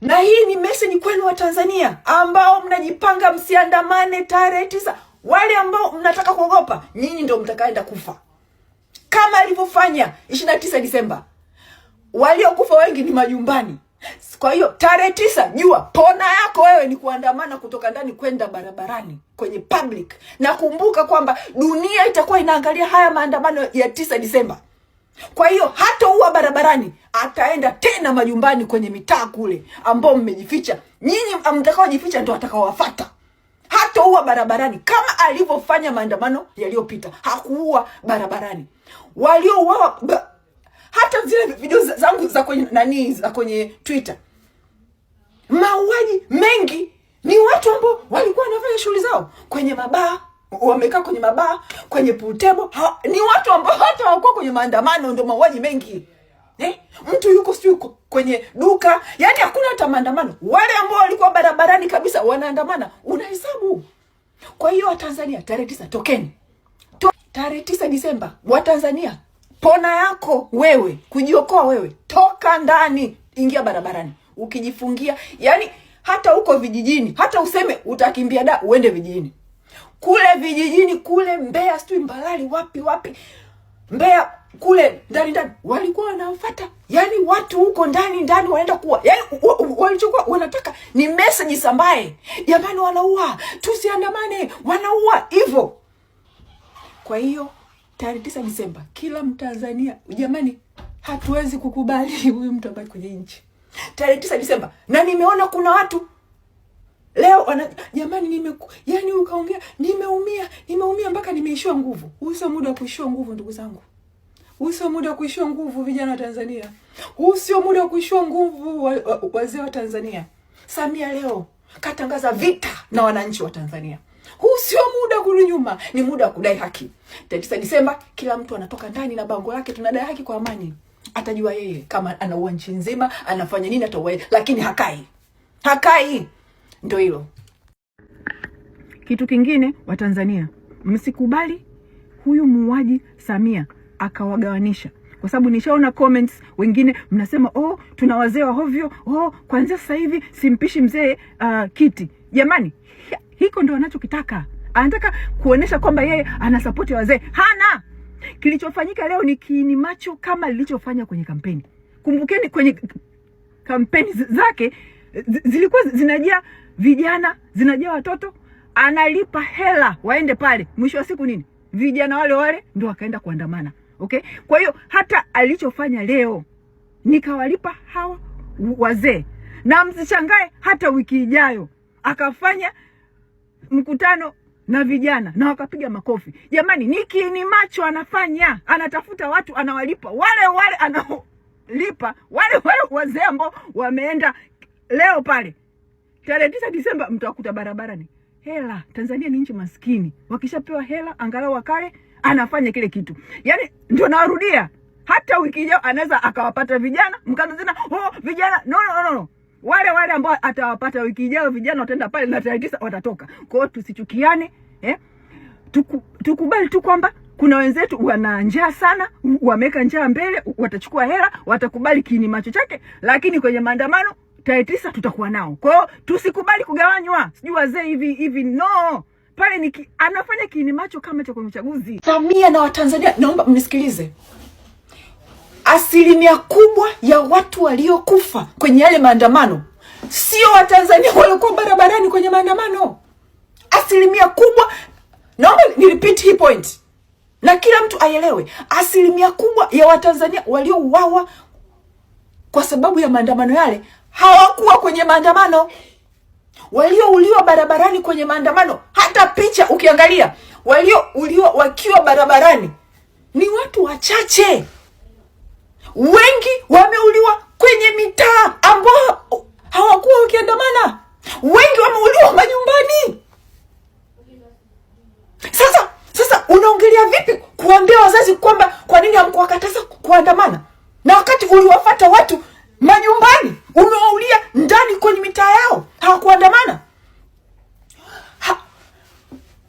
na hii ni meseji kwenu wa Tanzania ambao mnajipanga msiandamane tarehe tisa. Wale ambao mnataka kuogopa, nyinyi ndio mtakaenda kufa kama alivyofanya ishirini na tisa Disemba. Waliokufa wengi ni majumbani. Kwa hiyo tarehe tisa, jua pona yako wewe ni kuandamana kutoka ndani kwenda barabarani kwenye public, na kumbuka kwamba dunia itakuwa inaangalia haya maandamano ya tisa Disemba. Kwa hiyo hata huwa barabarani ataenda tena majumbani, kwenye mitaa kule ambao mmejificha nyinyi, mtakaojificha ndo atakaowafata. Hata huwa barabarani kama alivyofanya maandamano yaliyopita, hakuua barabarani waliouawa hata zile video zangu za kwenye nani za kwenye Twitter, mauaji mengi ni watu ambao walikuwa wanafanya shughuli zao kwenye mabaa wamekaa kwenye mabaa, kwenye pool table. Ni watu ambao hata wakuwa kwenye maandamano, ndio mauaji mengi eh? Mtu yuko sio kwenye duka, yani hakuna hata maandamano. Wale ambao walikuwa barabarani kabisa wanaandamana unahesabu. Kwa hiyo Watanzania, tarehe tisa tokeni, to tarehe tisa Disemba. Watanzania, pona yako wewe, kujiokoa wewe, toka ndani, ingia barabarani ukijifungia, yani hata huko vijijini, hata useme utakimbia da uende vijijini kule vijijini kule Mbeya, sijui Mbalali, wapi wapi, Mbeya kule ndani ndani, walikuwa wanamfata Yani watu huko ndani ndani wanaenda kuwa, yani walichokuwa wanataka ni meseji sambaye, jamani, wanaua, tusiandamane, wanaua hivyo. Kwa hiyo tarehe tisa disemba kila Mtanzania jamani, hatuwezi kukubali huyu mtu ambaye kwenye nchi tarehe tisa disemba na nimeona kuna watu leo wana jamani, nime yani ukaongea, nimeumia, nimeumia mpaka nimeishiwa nguvu. Huu sio muda wa kuishiwa nguvu, ndugu zangu. Huu sio muda wa kuishiwa nguvu, vijana wa Tanzania. Huu sio muda wa kuishiwa nguvu, wazee wa Tanzania. Samia leo katangaza vita na wananchi wa Tanzania. Huu sio muda wa kurudi nyuma, ni muda wa kudai haki. Tarehe 9 Desemba, kila mtu anatoka ndani na bango lake, tunadai haki kwa amani. Atajua yeye kama anaua nchi nzima, anafanya nini, atauae, lakini hakai, hakai. Ndio hilo. Kitu kingine, Watanzania msikubali huyu muuaji Samia akawagawanisha kwa sababu nishaona comments wengine mnasema oh, tuna wazee wa hovyo oh, kwanza sasa hivi simpishi mzee uh, kiti. Jamani, hiko ndo anachokitaka. Anataka kuonesha kwamba yeye ana ya wazee. Hana kilichofanyika leo ni kiini macho kama lilichofanya kwenye kampeni. Kumbukeni kwenye kampeni zake zilikuwa zinajia vijana, zinajaa watoto, analipa hela waende pale. Mwisho wa siku nini? Vijana wale wale ndio wakaenda kuandamana. Okay, kwa hiyo hata alichofanya leo nikawalipa hawa wazee, na msishangae hata wiki ijayo akafanya mkutano na vijana na wakapiga makofi. Jamani, nikini macho, anafanya anatafuta watu, anawalipa wale wale, anaolipa wale wale wazee ambao wameenda leo pale tarehe tisa Disemba mtawakuta barabarani. Hela, Tanzania ni nchi maskini, wakishapewa hela angalau wakale anafanya kile kitu. Yani ndio nawarudia, hata wiki ijao anaweza akawapata vijana mkaanza tena oh, vijana no, no, no, no. Wale wale ambao atawapata wiki ijao, vijana wataenda pale na tarehe tisa watatoka. kwao. tusichukiane eh? Tuku, tukubali tu kwamba kuna wenzetu wana njaa sana, wameweka njaa mbele, watachukua hela, watakubali kiini macho chake, lakini kwenye maandamano tarehe tisa tutakuwa nao. Kwa hiyo tusikubali kugawanywa, sijui wazee hivi hivi, no pale ni ki, anafanya kiini macho kama cha kwenye uchaguzi. Samia na Watanzania, naomba mnisikilize. Asilimia kubwa ya watu waliokufa kwenye yale maandamano sio Watanzania waliokuwa barabarani kwenye maandamano. Asilimia kubwa, naomba ni repeat hii point na kila mtu aelewe, asilimia kubwa ya Watanzania waliouawa kwa sababu ya maandamano yale hawakuwa kwenye maandamano. Waliouliwa barabarani kwenye maandamano, hata picha ukiangalia, waliouliwa wakiwa barabarani ni watu wachache. Wengi wameuliwa kwenye mitaa ambao hawakuwa wakiandamana. Wengi wameuliwa manyumbani Sasa sasa unaongelea vipi kuambia wazazi kwamba kwa nini hamkuwakataza kuandamana na wakati uliwafata watu manyumbani? Umewaulia ndani kwenye mitaa yao, hawakuandamana ha,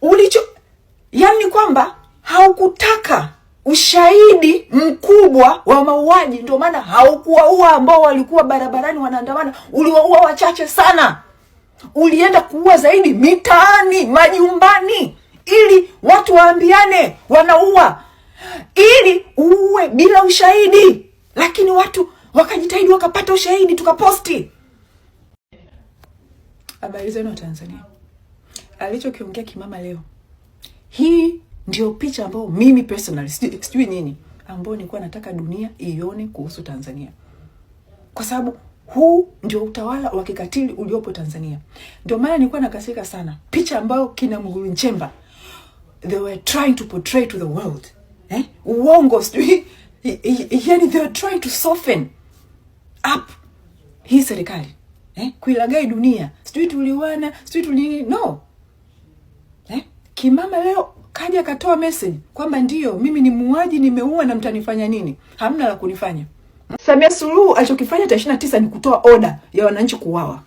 ulicho yani ni kwamba haukutaka ushahidi mkubwa wa mauaji, ndio maana haukuwaua ambao walikuwa barabarani wanaandamana. Uliwaua wachache sana, ulienda kuua zaidi mitaani, majumbani, ili watu waambiane wanaua, ili uue bila ushahidi, lakini watu wakajitahidi wakapata ushahidi tukaposti. Habari zenu Tanzania, alichokiongea kimama leo hii ndio picha ambayo mimi personally sijui nini ambayo nilikuwa nataka dunia ione kuhusu Tanzania, kwa sababu huu ndio utawala wa kikatili uliopo Tanzania. Ndio maana nilikuwa nakasirika sana picha ambayo kina Mgulu Nchemba they were trying to portray to the world eh? Uongo sijui yani they were trying to soften up hii serikali eh, kuilagai dunia, sijui tuliwana, sijui tuli no eh, kimama leo kaja akatoa message kwamba ndio mimi ni muaji nimeua na mtanifanya nini? Hamna la kunifanya. Samia Suluhu alichokifanya tarehe ishirini na tisa ni kutoa oda ya wananchi kuwawa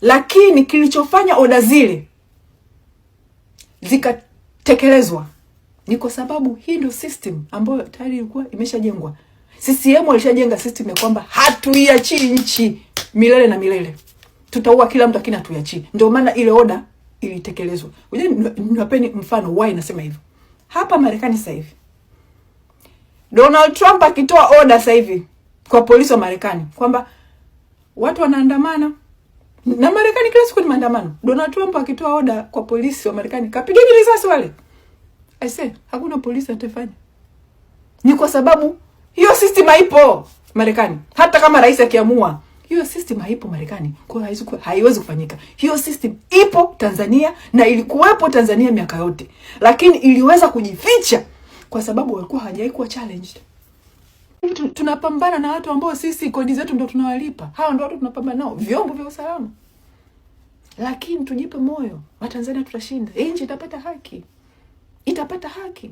lakini kilichofanya oda zile zikatekelezwa ni kwa sababu hii ndio system ambayo tayari ilikuwa imeshajengwa. CCM alishajenga system ya kwamba hatuiachii nchi milele na milele, tutaua kila mtu, lakini hatuiachii. Ndio maana ile oda ilitekelezwa. Unajua, niwapeni mfano why nasema hivyo. Hapa Marekani sasa hivi Donald Trump akitoa oda sasa hivi kwa polisi wa Marekani kwamba watu wanaandamana na Marekani kila siku ni maandamano. Donald Trump akitoa oda kwa polisi wa Marekani, kapigeni risasi wale, I say hakuna polisi atafanya, ni kwa sababu hiyo system haipo Marekani. Hata kama rais akiamua, hiyo system haipo Marekani. Kwa hiyo haiwezi kufanyika. Hiyo system ipo Tanzania na ilikuwepo Tanzania miaka yote, lakini iliweza kujificha kwa sababu walikuwa hawajaikuwa challenged. Tunapambana na watu ambao sisi kodi zetu ndo tunawalipa. Hawa ndo watu tunapambana nao, vyombo vya usalama. Lakini tujipe moyo, Watanzania tutashinda. Nchi itapata haki, itapata haki,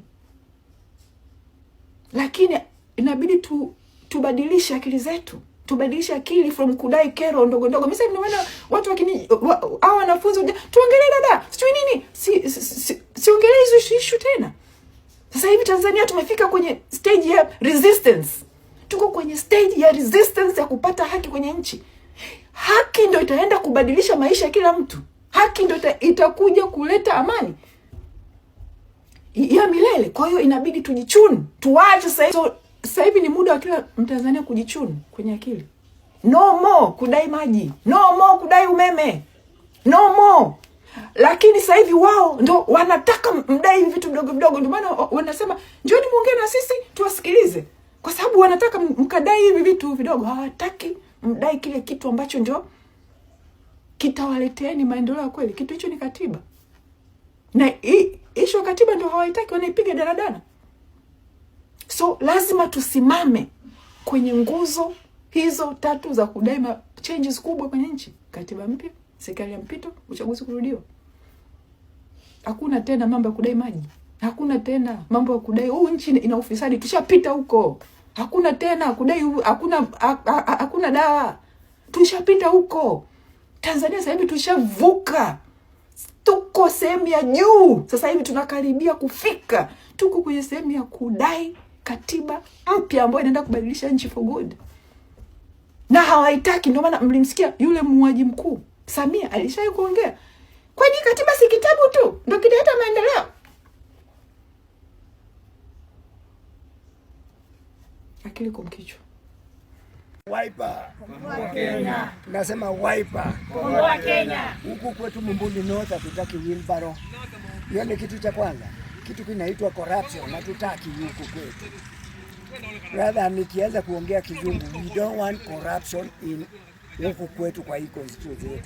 lakini inabidi tu, tubadilishe akili zetu tubadilishe akili from kudai kero ndogo ndogo. Mimi sasa nimeona watu wakini hao wanafunzi tuongelee dada sijui nini, si siongelee si, hizo issue tena. Sasa hivi Tanzania tumefika kwenye stage ya resistance, tuko kwenye stage ya resistance ya kupata haki kwenye nchi. Haki ndio itaenda kubadilisha maisha ya kila mtu, haki ndio itakuja kuleta amani ya milele. Kwa hiyo inabidi tujichuni, tuache sasa hizo sasa hivi ni muda wa kila Mtanzania kujichuna kwenye akili. No more kudai maji, no more kudai umeme, no more. Lakini sasa hivi wao ndo wanataka mdai vitu vidogo vidogo, ndio maana wanasema njoni muongee na sisi tuwasikilize, kwa sababu wanataka mkadai hivi vitu vidogo. Hawataki mdai kile kitu ambacho ndio kitawaleteeni maendeleo ya kweli. Kitu hicho ni katiba, na isho katiba ndio hawaitaki, wanaipiga daradara. So lazima tusimame kwenye nguzo hizo tatu za kudai changes kubwa kwenye nchi: katiba mpya, serikali ya mpito, uchaguzi kurudiwa. Hakuna tena mambo ya kudai maji, hakuna tena mambo ya kudai huu nchi ina ufisadi, tushapita huko. Hakuna tena kudai, hakuna hakuna dawa, tushapita huko. Tanzania sasa hivi tushavuka, tuko sehemu ya juu sasa hivi, tunakaribia kufika, tuko kwenye sehemu ya kudai katiba mpya ambayo inaenda kubadilisha nchi for good, na hawaitaki. Ndio maana mlimsikia yule muuaji mkuu Samia alishawahi kuongea, kwani katiba si kitabu tu ndio kinaleta maendeleo? Akili kumkichwa Waipa Kenya, nasema waipa Kenya. Huku kwetu Mumbuni North hatutaki wilbaro. Hiyo ni kitu cha kwanza kitu kinaitwa corruption na tutaki huku kwetu. Rather nikianza kuongea kizungu, we don't want corruption in huku kwetu kwa hii constitution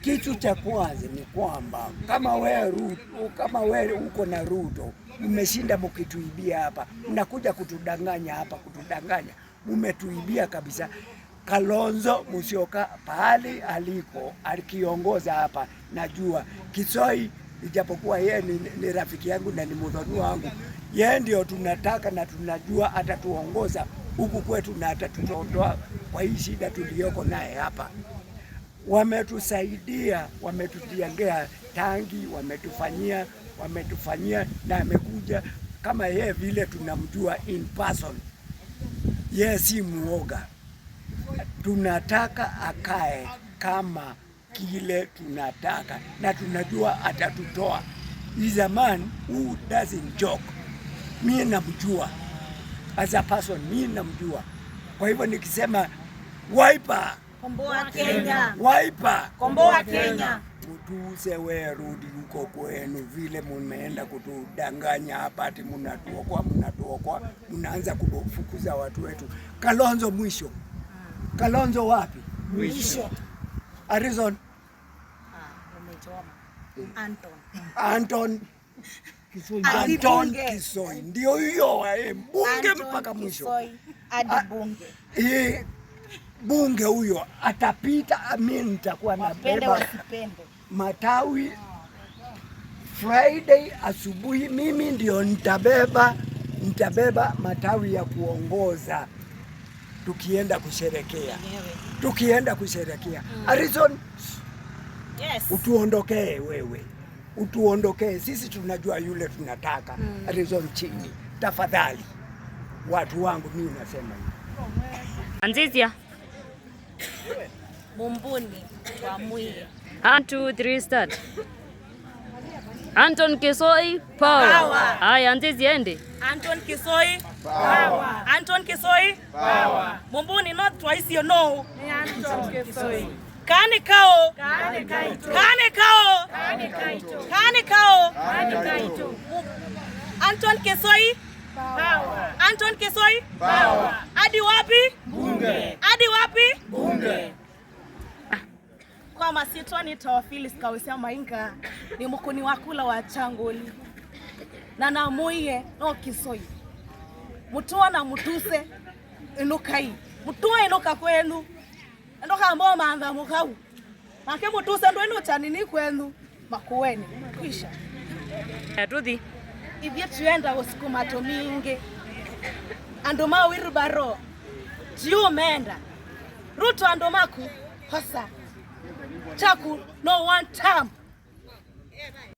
Kitu cha kwanza ni kwamba kama wewe Ruto, kama wewe uko na Ruto, mmeshinda mkituibia hapa, mnakuja kutudanganya hapa, kutudanganya, mmetuibia kabisa. Kalonzo Musyoka pahali aliko alikiongoza hapa, najua Kisoi ijapokuwa yeye ni, ni rafiki yangu na ni mudhoni wangu. Yeye ndio tunataka na tunajua atatuongoza huku kwetu na atatutoa kwa hii shida tuliyoko naye hapa. Wametusaidia, wametujengea tangi, wametufanyia wametufanyia, na amekuja kama yeye vile tunamjua in person. Yeye si muoga, tunataka akae kama kile tunataka na tunajua atatutoa. He's a man who doesn't joke. Mimi namjua as a person, mimi namjua. Kwa hivyo nikisema Wiper, komboa Kenya, Wiper, komboa Kenya, mtuuse we, rudi huko kwenu, vile mumeenda kutudanganya hapa, ati munatuokwa mnatuokoa, mnaanza kufukuza watu wetu. Kalonzo mwisho, Kalonzo wapi mwisho? Harrison. Ah, eh. Anton. Anton. Kisoi. Anton Kisoi ndio hiyo mbunge eh, mpaka mwisho ah, eh, bunge huyo atapita. Mimi nitakuwa nabeba matawi Friday asubuhi, mimi ndio nitabeba nitabeba matawi ya kuongoza tukienda kusherekea tukienda kusherekea mm. Harrison, yes. Utuondokee wewe, utuondokee sisi, tunajua yule tunataka mm. Harrison chini, tafadhali watu wangu, mi unasema hivi Anzizia Mumbuni wa mwili. One, two, three, start. Anton Kisoi power. Haya, Anzizia ende. Anton Kisoi Power. Anton Kisoi. Power. Mumbuni not twice you know. Ni Anton Kisoi. Kane kao. Kani kaito. Kane kao. Kani kaito. Kane kao. Kane kaito. Anton Kisoi. Power. Anton Kisoi. Power. Hadi wapi? Bunge. Hadi wapi? Bunge. Kwa masitwa ni tawafili sikawisia mainga ni mkuni wakula wa changoli na namuye no Kisoi mutua na mutuse inukai mutua inuka kwenu ndokambao maanza mukau make mutuse ndwenu chanini kwenu makuweni kwisha tuthi ithie tuenda usiku tumingi andu ma jiu menda ruto andu maku hosa chaku no one time